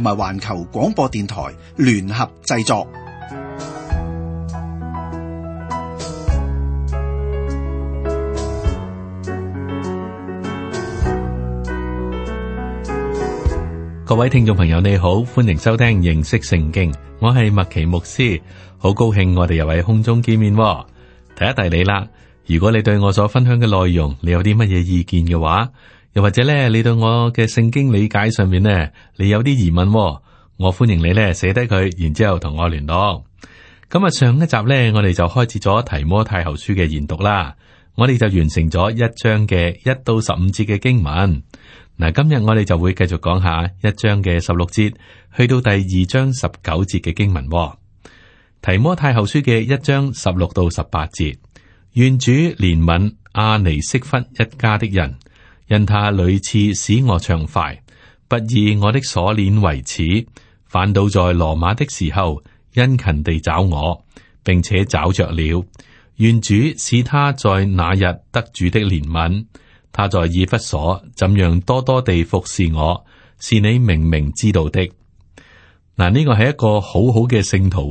同埋環球廣播電台聯合製作。各位聽眾朋友，你好，歡迎收聽認識聖經，我係麥奇牧師，好高興我哋又喺空中見面。提一提你啦，如果你對我所分享嘅內容，你有啲乜嘢意見嘅話，又或者咧，你對我嘅聖經理解上面呢，你有啲疑問，我歡迎你呢，寫低佢，然之後同我聯絡。咁啊，上一集呢，我哋就開始咗提摩太後書嘅研讀啦。我哋就完成咗一章嘅一到十五節嘅經文。嗱，今日我哋就會繼續講下一章嘅十六節去到第二章十九節嘅經文。提摩太後書嘅一章十六到十八節，願主憐憫阿尼色弗一家的人。因他屢次使我暢快，不以我的鎖鏈為恥，反倒在羅馬的時候殷勤地找我，並且找着了。願主使他在那日得主的憐憫。他在以弗所怎樣多多地服侍我，是你明明知道的。嗱，呢個係一個好好嘅聖徒，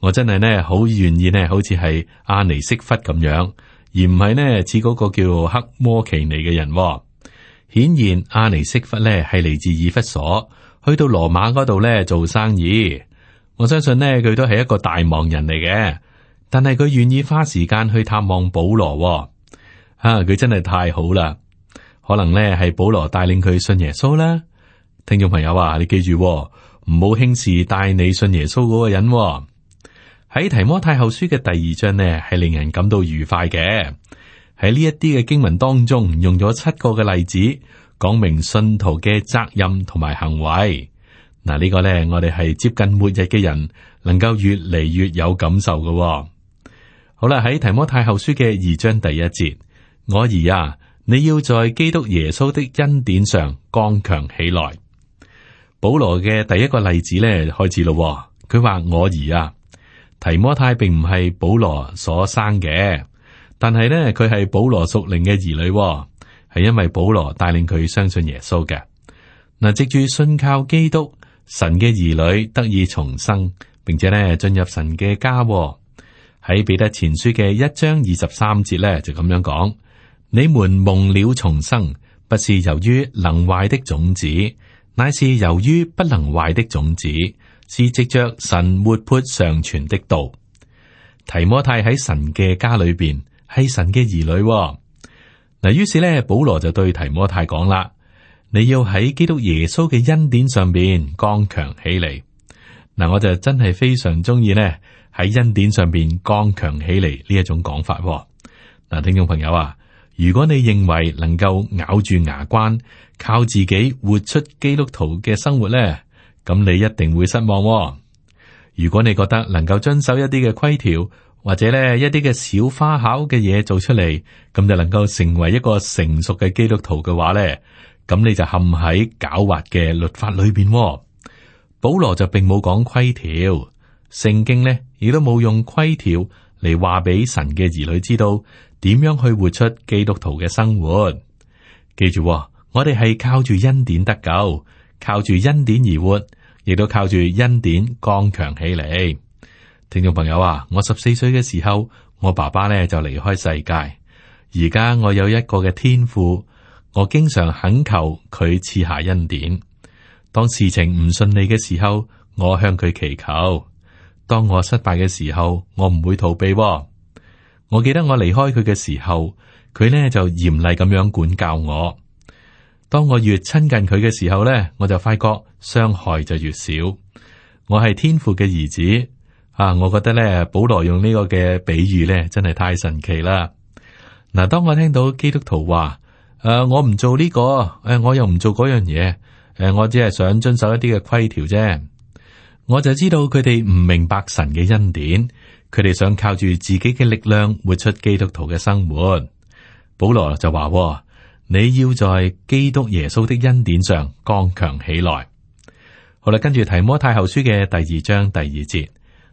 我真係呢好願意呢好似係阿尼色弗咁樣。而唔係呢，似嗰個叫黑摩其尼嘅人、哦。顯然，阿尼色弗呢係嚟自以弗所，去到羅馬嗰度呢做生意。我相信呢，佢都係一個大忙人嚟嘅，但係佢願意花時間去探望保羅、哦。啊，佢真係太好啦！可能呢係保羅帶領佢信耶穌啦。聽眾朋友啊，你記住唔好輕視帶你信耶穌嗰個人、哦。喺提摩太後書嘅第二章呢，係令人感到愉快嘅。喺呢一啲嘅經文當中，用咗七個嘅例子，講明信徒嘅責任同埋行為。嗱、這個、呢個咧，我哋係接近末日嘅人，能夠越嚟越有感受嘅、哦。好啦，喺提摩太後書嘅二章第一節，我兒啊，你要在基督耶穌的恩典上剛強起來。保羅嘅第一個例子咧，開始咯、哦。佢話我兒啊。提摩太並唔係保羅所生嘅，但係咧佢係保羅屬靈嘅兒女，係因為保羅帶領佢相信耶穌嘅。嗱，藉住信靠基督，神嘅兒女得以重生，並且咧進入神嘅家。喺彼得前書嘅一章二十三節咧就咁樣講：你們蒙了重生，不是由於能壞的種子，乃是由於不能壞的種子。是藉着神活潑常存的道，提摩太喺神嘅家裏邊，係神嘅兒女喎。嗱，於是咧，保羅就對提摩太講啦：你要喺基督耶穌嘅恩典上邊剛強起嚟。嗱，我就真係非常中意呢，喺恩典上邊剛強起嚟呢一種講法。嗱，聽眾朋友啊，如果你認為能夠咬住牙關，靠自己活出基督徒嘅生活咧，咁你一定會失望喎。如果你覺得能夠遵守一啲嘅規條，或者呢一啲嘅小花巧嘅嘢做出嚟，咁就能夠成為一個成熟嘅基督徒嘅話呢，咁你就陷喺狡猾嘅律法裏邊喎。保羅就並冇講規條，聖經呢亦都冇用規條嚟話俾神嘅兒女知道點樣去活出基督徒嘅生活。記住喎，我哋係靠住恩典得救。靠住恩典而活，亦都靠住恩典剛強起嚟。聽眾朋友啊，我十四歲嘅時候，我爸爸咧就離開世界。而家我有一個嘅天父，我經常懇求佢賜下恩典。當事情唔順利嘅時候，我向佢祈求。當我失敗嘅時候，我唔會逃避，哦。我記得我離開佢嘅時候，佢呢就嚴厲咁樣管教我。當我越親近佢嘅時候咧，我就發覺傷害就越少。我係天父嘅兒子啊，我覺得咧，保羅用呢個嘅比喻咧，真係太神奇啦！嗱、啊，當我聽到基督徒話誒、呃，我唔做呢、呢個，誒、呃、我又唔做嗰樣嘢，誒、呃、我只係想遵守一啲嘅規條啫，我就知道佢哋唔明白神嘅恩典，佢哋想靠住自己嘅力量活出基督徒嘅生活。保羅就話。哦。你要在基督耶穌的恩典上剛強起來。好啦，跟住提摩太後書嘅第二章第二節，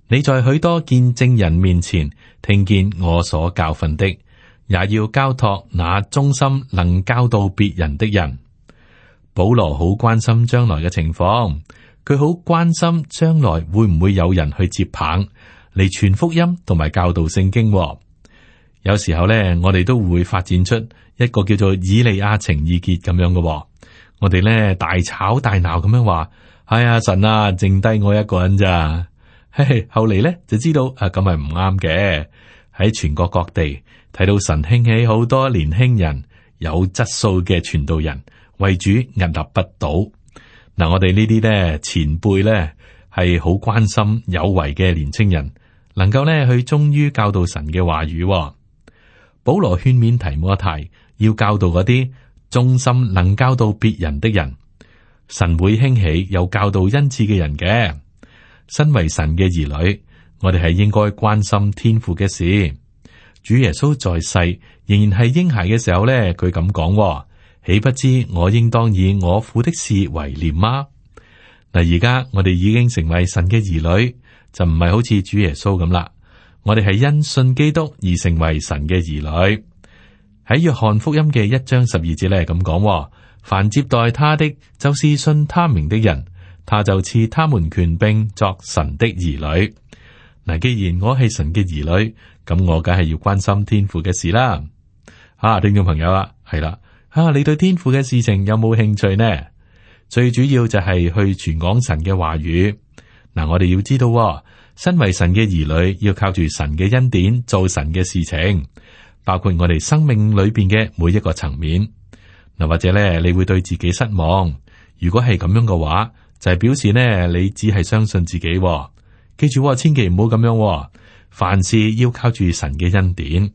你在許多見證人面前聽見我所教訓的，也要交託那忠心能教導別人的人。保羅好關心將來嘅情況，佢好關心將來會唔會有人去接棒嚟傳福音同埋教導聖經、哦。有時候咧，我哋都會發展出一個叫做以利亞情意結咁樣嘅、哦，我哋咧大吵大鬧咁樣話，哎呀神啊，剩低我一個人咋？嘿嘿，後嚟咧就知道啊，咁係唔啱嘅。喺全國各地睇到神興起好多年輕人，有質素嘅傳道人為主屹立不倒。嗱、嗯，我哋呢啲咧前輩咧係好關心有為嘅年青人，能夠咧去忠於教導神嘅話語、哦。保羅勸勉提摩太，要教導嗰啲忠心能教導別人的人，神會興起有教導恩賜嘅人嘅。身為神嘅兒女，我哋係應該關心天父嘅事。主耶穌在世仍然係嬰孩嘅時候咧，佢咁講，豈不知我應當以我父的事為念嗎？嗱，而家我哋已經成為神嘅兒女，就唔係好似主耶穌咁啦。我哋係因信基督而成為神嘅兒女。喺約翰福音嘅一章十二節咧，係咁講：凡接待他的，就是信他名的人，他就賜他們權柄作神的兒女。嗱，既然我係神嘅兒女，咁我梗係要關心天父嘅事啦。啊，聽眾朋友啦，係啦，啊，你對天父嘅事情有冇興趣呢？最主要就係去傳講神嘅話語。嗱，啊，我哋要知道。身為神嘅兒女，要靠住神嘅恩典做神嘅事情，包括我哋生命裏邊嘅每一個層面。嗱，或者咧，你會對自己失望。如果係咁樣嘅話，就係表示呢，你只係相信自己。記住，千祈唔好咁樣。凡事要靠住神嘅恩典，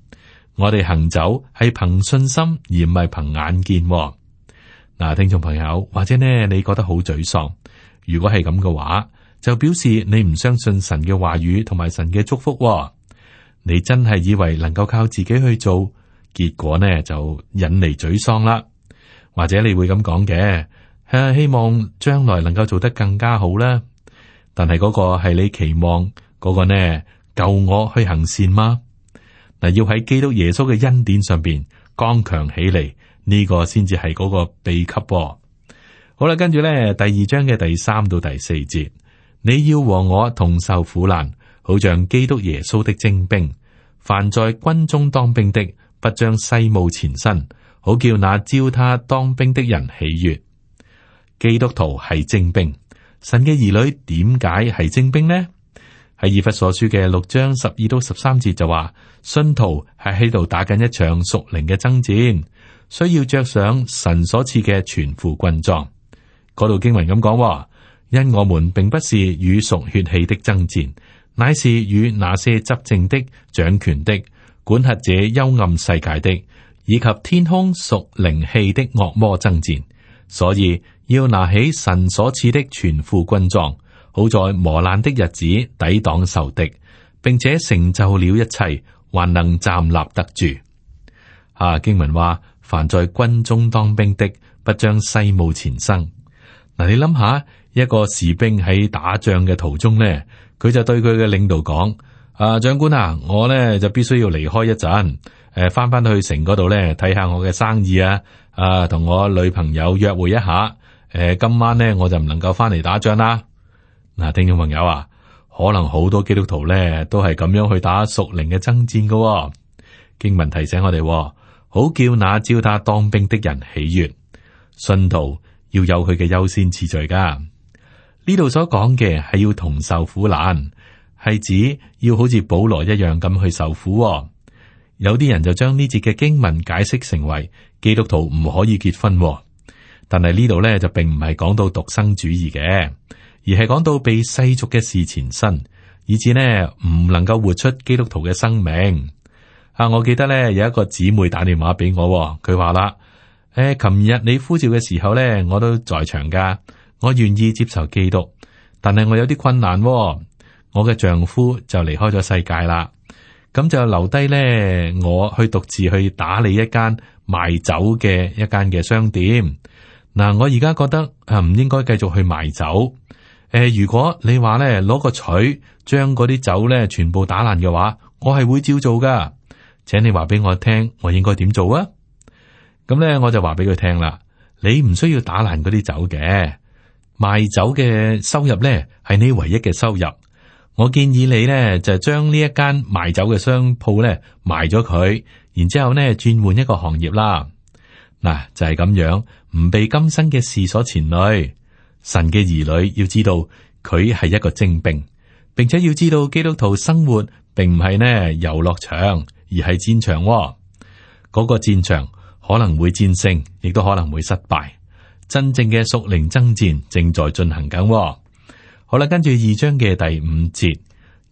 我哋行走係憑信心而唔係憑眼見。嗱，聽眾朋友，或者呢，你覺得好沮喪？如果係咁嘅話，就表示你唔相信神嘅話語同埋神嘅祝福、哦，你真係以為能夠靠自己去做，結果呢就引嚟沮喪啦。或者你會咁講嘅，希望將來能夠做得更加好啦。但係嗰個係你期望嗰個呢？救我去行善嗎？嗱，要喺基督耶穌嘅恩典上邊剛強起嚟，呢個先至係嗰個秘笈、哦。好啦，跟住呢，第二章嘅第三到第四節。你要和我同受苦難，好像基督耶穌的精兵。凡在軍中當兵的，不將世務纏身，好叫那招他當兵的人喜悅。基督徒係精兵，神嘅兒女點解係精兵呢？喺以弗所書嘅六章十二到十三節就話，信徒係喺度打緊一場屬靈嘅爭戰，需要着上神所賜嘅全副軍裝。嗰度經文咁講話。因我們並不是與屬血氣的爭戰，乃是與那些執政的、掌權的、管轄這幽暗世界的，以及天空屬靈氣的惡魔爭戰，所以要拿起神所賜的全副軍裝，好在磨難的日子抵擋仇敵，並且成就了一切，還能站立得住。啊！經文話：凡在軍中當兵的，不將世務纏身。嗱，你諗下。一個士兵喺打仗嘅途中呢，佢就對佢嘅領導講：啊，長官啊，我呢就必須要離開一陣，誒、啊，翻翻去城嗰度呢，睇下我嘅生意啊，啊，同我女朋友約會一下。誒、啊，今晚呢，我就唔能夠翻嚟打仗啦。嗱、啊，聽眾朋友啊，可能好多基督徒呢都係咁樣去打屬靈嘅爭戰噶、哦、經文提醒我哋、哦，好叫那招他當兵的人喜悅，信徒要有佢嘅優先次序噶。呢度所講嘅係要同受苦難，係指要好似保羅一樣咁去受苦、喎。有啲人就將呢節嘅經文解釋成為基督徒唔可以結婚、喎，但係呢度咧就並唔係講到獨生主義嘅，而係講到被世俗嘅事纏身，以致呢唔能夠活出基督徒嘅生命。啊，我記得咧有一個姊妹打電話俾我、喎，佢話啦，誒、哎，琴日你呼召嘅時候咧，我都在場噶。我願意接受基督，但係我有啲困難、哦。我嘅丈夫就離開咗世界啦，咁就留低咧，我去獨自去打理一間賣酒嘅一間嘅商店。嗱、啊，我而家覺得、啊、唔應該繼續去賣酒。誒、呃，如果你話咧攞個錘將嗰啲酒咧全部打爛嘅話，我係會照做噶。請你話俾我聽，我應該點做啊？咁、嗯、咧，我就話俾佢聽啦，你唔需要打爛嗰啲酒嘅。賣酒嘅收入呢，係你唯一嘅收入。我建議你呢，就將呢一間賣酒嘅商鋪呢賣咗佢，然之後呢轉換一個行業啦。嗱、啊，就係、是、咁樣，唔被今生嘅事所纏累。神嘅兒女要知道，佢係一個精兵，並且要知道基督徒生活並唔係呢遊樂場，而係戰場、哦。嗰、那個戰場可能會戰勝，亦都可能會失敗。真正嘅屬靈爭戰正在進行緊，好啦，跟住，二章嘅第五節，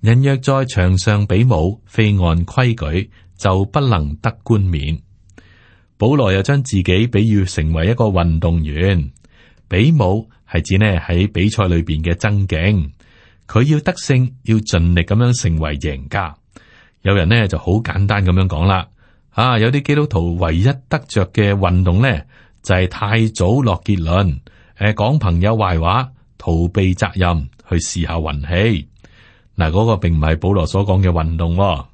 人若在場上比武，非按規矩就不能得冠冕。保羅又將自己比喻成為一個運動員，比武係指呢喺比賽裏邊嘅爭競，佢要得勝，要盡力咁樣成為贏家。有人呢就好簡單咁樣講啦，啊，有啲基督徒唯一得着嘅運動呢？就係太早落結論，誒講朋友壞話，逃避責任，去試下運氣。嗱，嗰個並唔係保羅所講嘅運動，哦。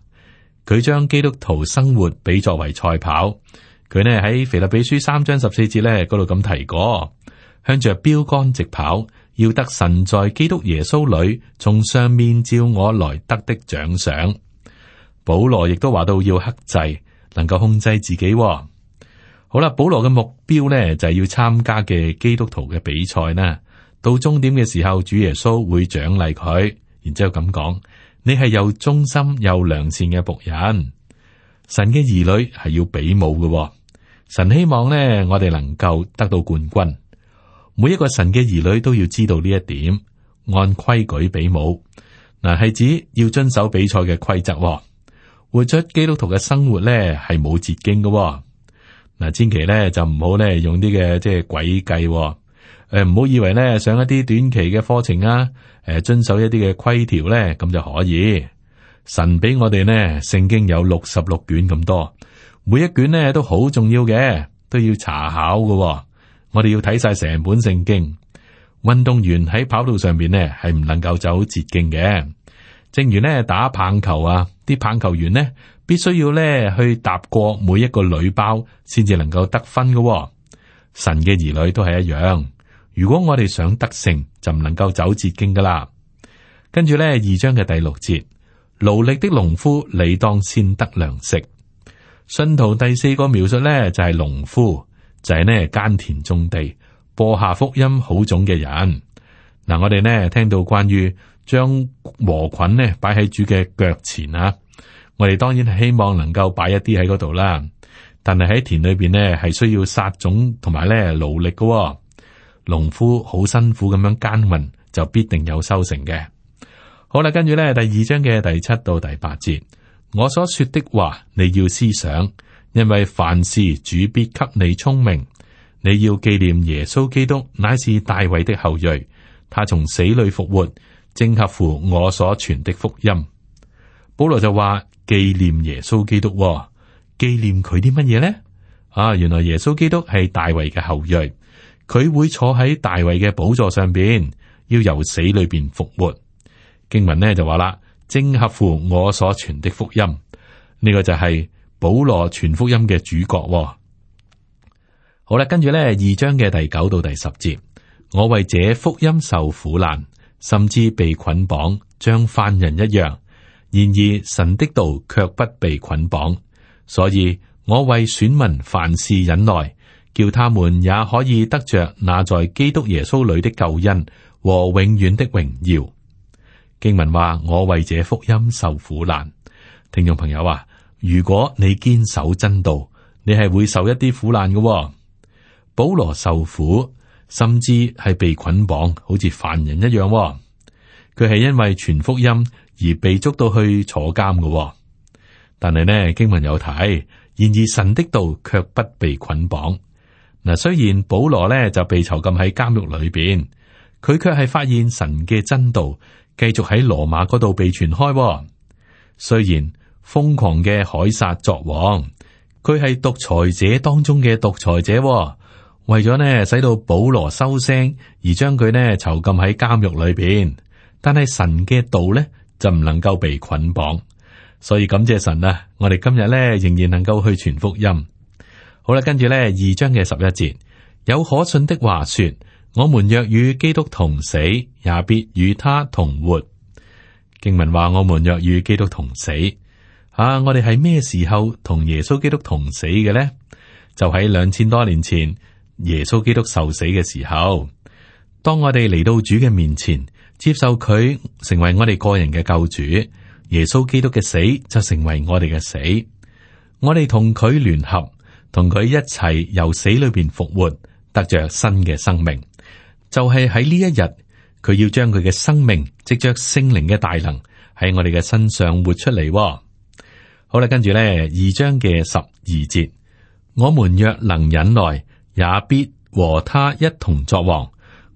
佢將基督徒生活比作為賽跑。佢呢喺腓立比書三章十四節呢嗰度咁提過，向着標杆直跑，要得神在基督耶穌裏從上面召我來得的獎賞。保羅亦都話到要克制，能夠控制自己，哦。好啦，保羅嘅目標咧就係、是、要參加嘅基督徒嘅比賽啦。到終點嘅時候，主耶穌會獎勵佢，然之後咁講：你係又忠心又良善嘅僕人，神嘅兒女係要比武嘅，哦。神希望咧，我哋能夠得到冠軍。每一個神嘅兒女都要知道呢一點，按規矩比武嗱，係指要遵守比賽嘅規則。活出基督徒嘅生活咧係冇捷徑嘅，哦。嗱，千祈咧就唔好咧用啲嘅即係詭計，誒唔好以為咧上一啲短期嘅課程啊，誒遵守一啲嘅規條咧咁就可以。神俾我哋呢聖經有六十六卷咁多，每一卷咧都好重要嘅，都要查考嘅。我哋要睇晒成本聖經。運動員喺跑道上邊呢係唔能夠走捷徑嘅，正如呢打棒球啊，啲棒球員呢。必須要咧去踏過每一個女包，先至能夠得分嘅，哦。神嘅兒女都係一樣。如果我哋想得勝，就唔能夠走捷徑噶啦。跟住咧，二章嘅第六節，勞力的農夫，你當先得糧食。信徒第四個描述咧就係、是、農夫，就係呢耕田種地、播下福音好種嘅人。嗱，啊，我哋呢聽到關於將禾捆呢擺喺主嘅腳前啊。我哋當然係希望能夠擺一啲喺嗰度啦，但係喺田裏邊呢，係需要撒種同埋咧勞力嘅，農夫好辛苦咁樣耕耘，就必定有收成嘅。好啦，跟住咧第二章嘅第七到第八節，我所說的話你要思想，因為凡事主必給你聰明。你要紀念耶穌基督乃是大衛的後裔，他從死裏復活，正合乎我所傳的福音。保羅就話。紀念耶穌基督、哦，紀念佢啲乜嘢呢？啊，原來耶穌基督係大衛嘅後裔，佢會坐喺大衛嘅寶座上邊，要由死裏邊復活。經文呢就話啦，正合乎我所傳的福音。呢、呢個就係保羅傳福音嘅主角、哦。好啦，跟住呢二章嘅第九到第十節，我為這福音受苦難，甚至被捆綁，像犯人一樣。然而神的道卻不被捆綁，所以我為選民凡事忍耐，叫他們也可以得着那在基督耶穌裏的救恩和永遠的榮耀。經文話：我為這福音受苦難。聽眾朋友啊，如果你堅守真道，你係會受一啲苦難嘅、哦。保羅受苦，甚至係被捆綁，好似犯人一樣、哦。佢係因為傳福音。而被捉到去坐監嘅、哦，但係呢，經文有睇，然而神的道卻不被捆綁。嗱，雖然保羅呢就被囚禁喺監獄裏邊，佢卻係發現神嘅真道繼續喺羅馬嗰度被傳開、哦。雖然瘋狂嘅凱撒作王，佢係獨裁者當中嘅獨裁者、哦，為咗呢使到保羅收聲，而將佢呢囚禁喺監獄裏邊。但係神嘅道呢？就唔能夠被捆綁，所以感謝神啊！我哋今日咧仍然能夠去傳福音。好啦，跟住咧二章嘅十一節，有可信的話說：我們若與基督同死，也必與他同活。經文話：我們若與基督同死，啊，我哋係咩時候同耶穌基督同死嘅呢？就喺兩千多年前，耶穌基督受死嘅時候，當我哋嚟到主嘅面前。接受佢成為我哋個人嘅救主，耶穌基督嘅死就成為我哋嘅死。我哋同佢聯合，同佢一齊由死裏邊復活，得着新嘅生命。就係喺呢一日，佢要將佢嘅生命，藉着聖靈嘅大能喺我哋嘅身上活出嚟。好啦，跟住咧二章嘅十二節，我們若能忍耐，也必和他一同作王。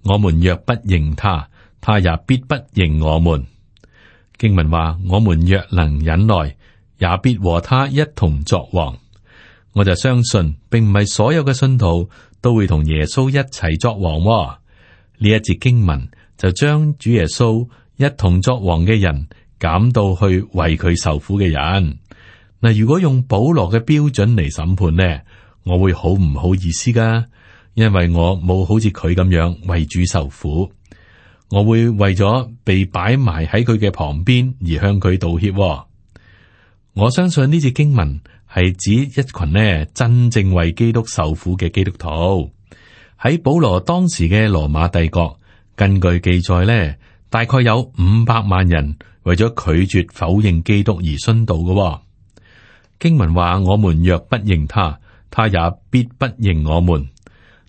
我們若不認他。他也必不認我們，經文話，我們若能忍耐，也必和他一同作王。我就相信，並唔係所有嘅信徒都會同耶穌一齊作王哦。呢一節經文就將主耶穌一同作王嘅人減到去為佢受苦嘅人。嗱，如果用保羅嘅標準嚟審判呢，我會好唔好意思㗎，因為我冇好似佢咁樣為主受苦。我會為咗被擺埋喺佢嘅旁邊而向佢道歉，哦。我相信呢節經文係指一群呢真正為基督受苦嘅基督徒喺保羅當時嘅羅馬帝國。根據記載呢，大概有五百萬人為咗拒絕否認基督而殉道嘅，哦，經文話：我們若不認他，他也必不認我們。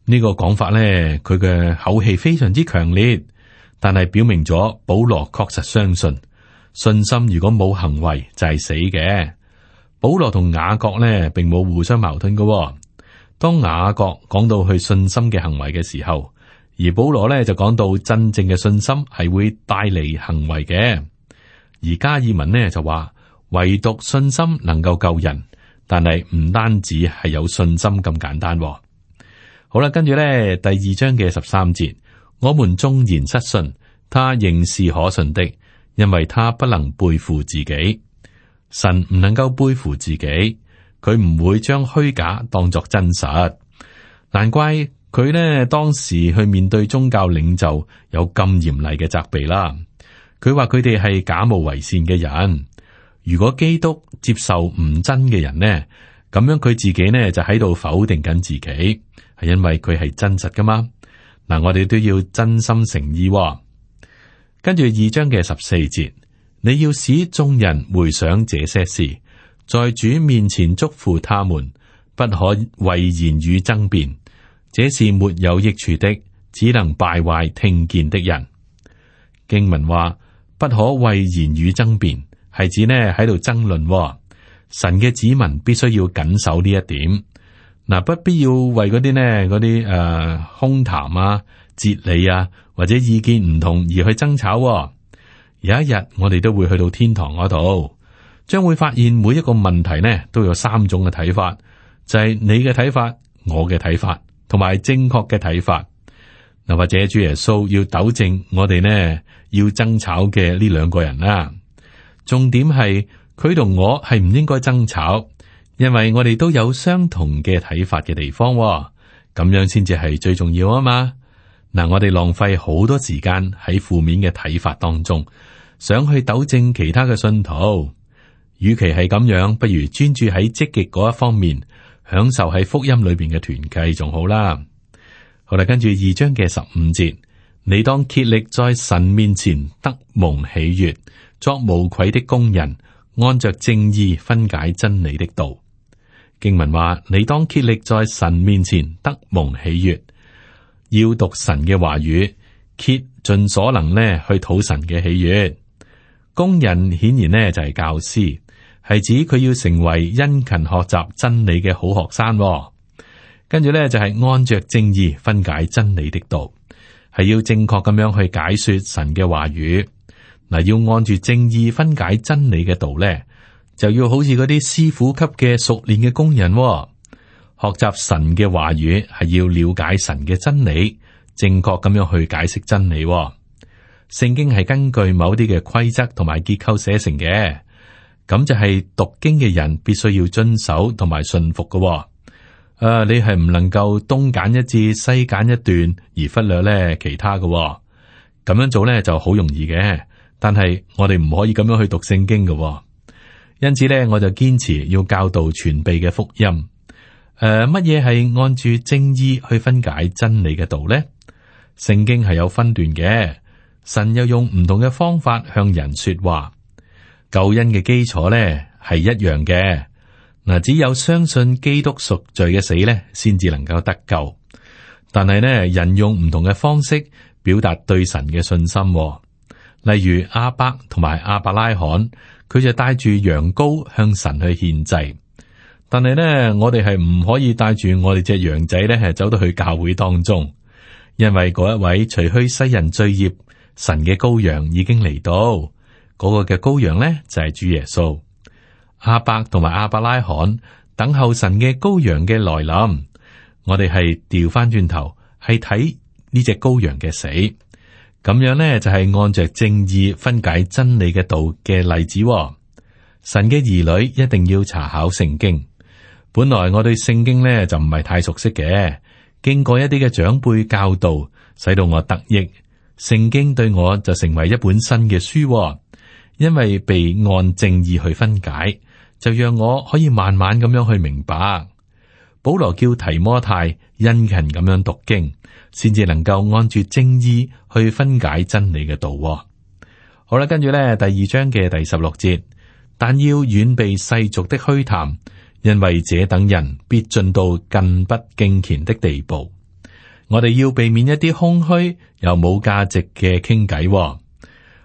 呢個講法呢，佢嘅口氣非常之強烈。但係表明咗保羅確實相信信心，如果冇行為就係、是、死嘅。保羅同雅各呢，並冇互相矛盾噶、哦。當雅各講到去信心嘅行為嘅時候，而保羅呢，就講到真正嘅信心係會帶嚟行為嘅。而加爾文呢，就話唯獨信心能夠救人，但係唔單止係有信心咁簡單、哦。好啦，跟住呢，第二章嘅十三節。我們縱然失信，他仍是可信的，因為他不能背負自己。神唔能夠背負自己，佢唔會將虛假當作真實。難怪佢呢，當時去面對宗教領袖有咁嚴厲嘅責備啦。佢話佢哋係假冒為善嘅人。如果基督接受唔真嘅人呢，咁樣佢自己呢就喺度否定緊自己，係因為佢係真實噶嘛？嗱、嗯，我哋都要真心誠意、哦。跟住二章嘅十四節，你要使眾人回想這些事，在主面前祝福他們，不可為言語爭辯，這是沒有益處的，只能敗壞聽見的人。經文話不可為言語爭辯，係指呢喺度爭論、哦。神嘅子民必須要謹守呢一點。嗱、啊，不必要為嗰啲呢、嗰啲誒，空談啊、哲理啊，或者意見唔同而去爭吵、哦。有一日，我哋都會去到天堂嗰度，將會發現每一個問題呢，都有三種嘅睇法，就係、是、你嘅睇法、我嘅睇法同埋正確嘅睇法。嗱、啊，或者主耶穌要糾正我哋呢，要爭吵嘅呢兩個人啦、啊。重點係佢同我係唔應該爭吵。因為我哋都有相同嘅睇法嘅地方、哦，咁樣先至係最重要啊嘛。嗱，我哋浪費好多時間喺負面嘅睇法當中，想去糾正其他嘅信徒。與其係咁樣，不如專注喺積極嗰一方面，享受喺福音裏邊嘅團契仲好啦。好啦，跟住二章嘅十五節，你當竭力在神面前得蒙喜悅，作無愧的工人，按着正意分解真理的道。經文話：你當竭力在神面前得蒙喜悦，要讀神嘅話語，竭盡所能呢去討神嘅喜悦。工人顯然呢就係教師，係指佢要成為殷勤學習真理嘅好學生。跟住呢就係按着正義分解真理的道，係要正確咁樣去解說神嘅話語。嗱，要按住正義分解真理嘅道呢，就要好似嗰啲師傅級嘅熟練嘅工人、哦、學習神嘅話語，係要了解神嘅真理，正確咁樣去解釋真理、哦。聖經係根據某啲嘅規則同埋結構寫成嘅，咁就係讀經嘅人必須要遵守同埋順服嘅、哦。啊，你係唔能夠東揀一節，西揀一段而忽略咧其他嘅咁、哦、樣做咧就好容易嘅，但係我哋唔可以咁樣去讀聖經嘅、哦。因此咧，我就堅持要教導全備嘅福音。誒、呃，乜嘢係按住正意去分解真理嘅道呢？聖經係有分段嘅，神又用唔同嘅方法向人說話。救恩嘅基礎咧係一樣嘅，嗱，只有相信基督贖罪嘅死咧，先至能夠得救。但係呢，人用唔同嘅方式表達對神嘅信心，例如亞伯同埋亞伯拉罕。佢就帶住羊羔向神去獻祭，但係呢，我哋係唔可以帶住我哋隻羊仔呢，係走到去教會當中，因為嗰一位除去世人罪孽，神嘅羔羊已經嚟到，嗰、那個嘅羔羊呢，就係、是、主耶穌。亞伯同埋亞伯拉罕等候神嘅羔羊嘅來臨，我哋係調翻轉頭係睇呢隻羔羊嘅死。咁樣呢，就係按着正義分解真理嘅道嘅例子喎。神嘅兒女一定要查考聖經。本來我對聖經呢，就唔係太熟悉嘅，經過一啲嘅長輩教導，使到我得益。聖經對我就成為一本新嘅書喎，因為被按正義去分解，就讓我可以慢慢咁樣去明白。保羅叫提摩太殷勤咁樣讀經，先至能夠按住正意去分解真理嘅道、哦。好啦，跟住咧第二章嘅第十六節，但要遠避世俗的虛談，因為這等人必進到近不敬虔的地步。我哋要避免一啲空虛又冇價值嘅傾偈。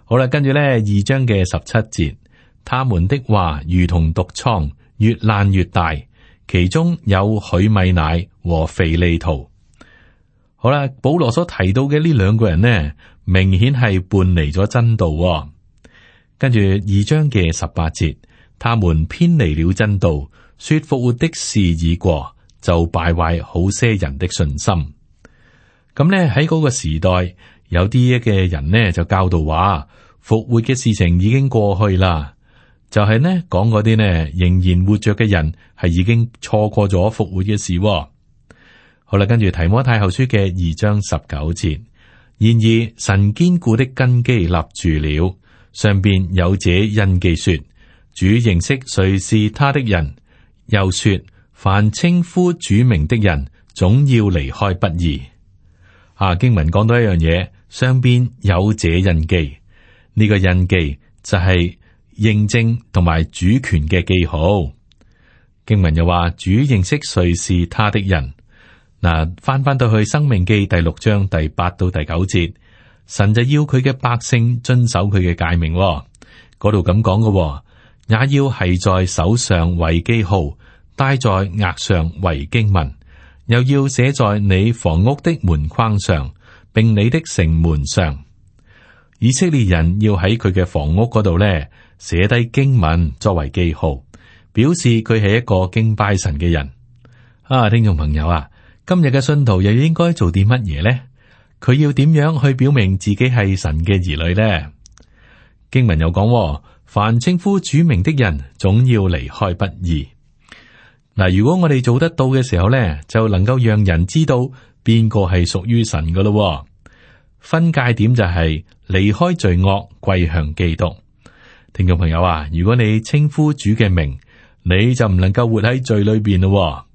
好啦，跟住咧二章嘅十七節，他們的話如同毒瘡，越爛越大。其中有許米乃和腓利圖，好啦，保羅所提到嘅呢兩個人呢，明顯係叛離咗真道、哦。跟住二章嘅十八節，他們偏離了真道，說復活的事已過，就敗壞好些人的信心。咁、嗯、呢，喺嗰個時代，有啲嘅人呢，就教導話，復活嘅事情已經過去啦。就係呢講嗰啲呢仍然活着嘅人係已經錯過咗復活嘅事、哦。好啦，跟住提摩太後書嘅二章十九節，然而神堅固的根基立住了，上邊有這印記說，主認識誰是他的人。又說，凡稱呼主名的人，總要離開不義。啊，經文講到一樣嘢，上邊有這印記，呢、這個印記就係、是。認證同埋主權嘅記號。經文又話主認識誰是他的人。嗱，翻翻到去《生命記》第六章第八到第九節，神就要佢嘅百姓遵守佢嘅誡命。嗰度咁講嘅，也要繫在手上為記號，戴在額上為經文，又要寫在你房屋的門框上，並你的城門上。以色列人要喺佢嘅房屋嗰度呢。寫低經文作為記號，表示佢係一個敬拜神嘅人啊。聽眾朋友啊，今日嘅信徒又應該做啲乜嘢呢？佢要點樣去表明自己係神嘅兒女呢？經文又講，凡稱呼主名的人，總要離開不義。嗱，如果我哋做得到嘅時候呢，就能夠讓人知道邊個係屬於神噶咯。分界點就係離開罪惡，歸向基督。聽眾朋友啊，如果你稱呼主嘅名，你就唔能夠活喺罪裏邊咯、哦。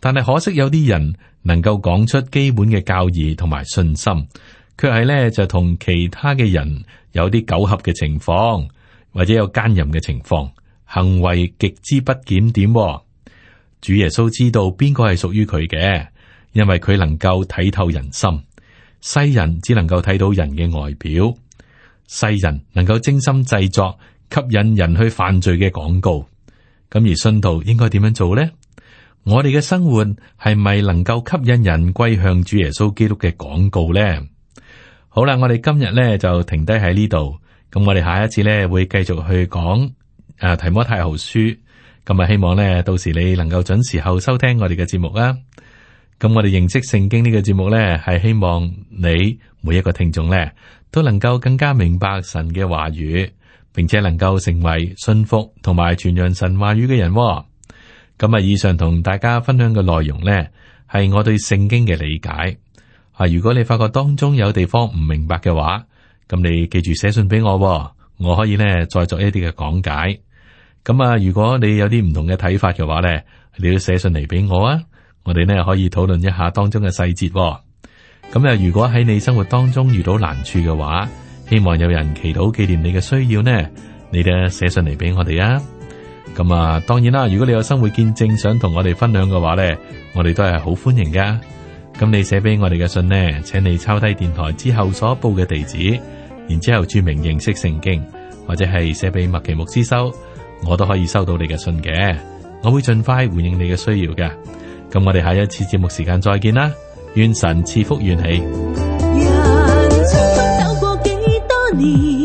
但係可惜有啲人能夠講出基本嘅教義同埋信心，卻係咧就同其他嘅人有啲苟合嘅情況，或者有奸淫嘅情況，行為極之不檢點、哦。主耶穌知道邊個係屬於佢嘅，因為佢能夠睇透人心，世人只能夠睇到人嘅外表。世人能夠精心製作吸引人去犯罪嘅廣告，咁而信徒應該點樣做呢？我哋嘅生活係咪能夠吸引人歸向主耶穌基督嘅廣告呢？好啦，我哋今日咧就停低喺呢度，咁我哋下一次咧會繼續去講誒、啊《提摩太後書》，咁啊希望咧到時你能夠準時候收聽我哋嘅節目啊！咁我哋認識聖經、這個、節呢個節目咧，係希望你每一個聽眾咧。都能夠更加明白神嘅話語，並且能夠成為信服同埋傳揚神話語嘅人。咁啊，以上同大家分享嘅內容呢，係我對聖經嘅理解。啊，如果你發覺當中有地方唔明白嘅話，咁你記住寫信俾我，我可以呢再作一啲嘅講解。咁啊，如果你有啲唔同嘅睇法嘅話呢，你要寫信嚟俾我啊，我哋呢可以討論一下當中嘅細節。咁啊！如果喺你生活當中遇到難處嘅話，希望有人祈禱紀念你嘅需要呢？你哋寫信嚟俾我哋啊！咁、嗯、啊，當然啦，如果你有生活見證想同我哋分享嘅話呢，我哋都係好歡迎噶。咁、嗯、你寫俾我哋嘅信呢，請你抄低電台之後所報嘅地址，然之後注明認識聖經或者係寫俾麥奇牧師收，我都可以收到你嘅信嘅。我會盡快回應你嘅需要嘅。咁、嗯、我哋下一次節目時間再見啦。願神賜福元氣，願喜。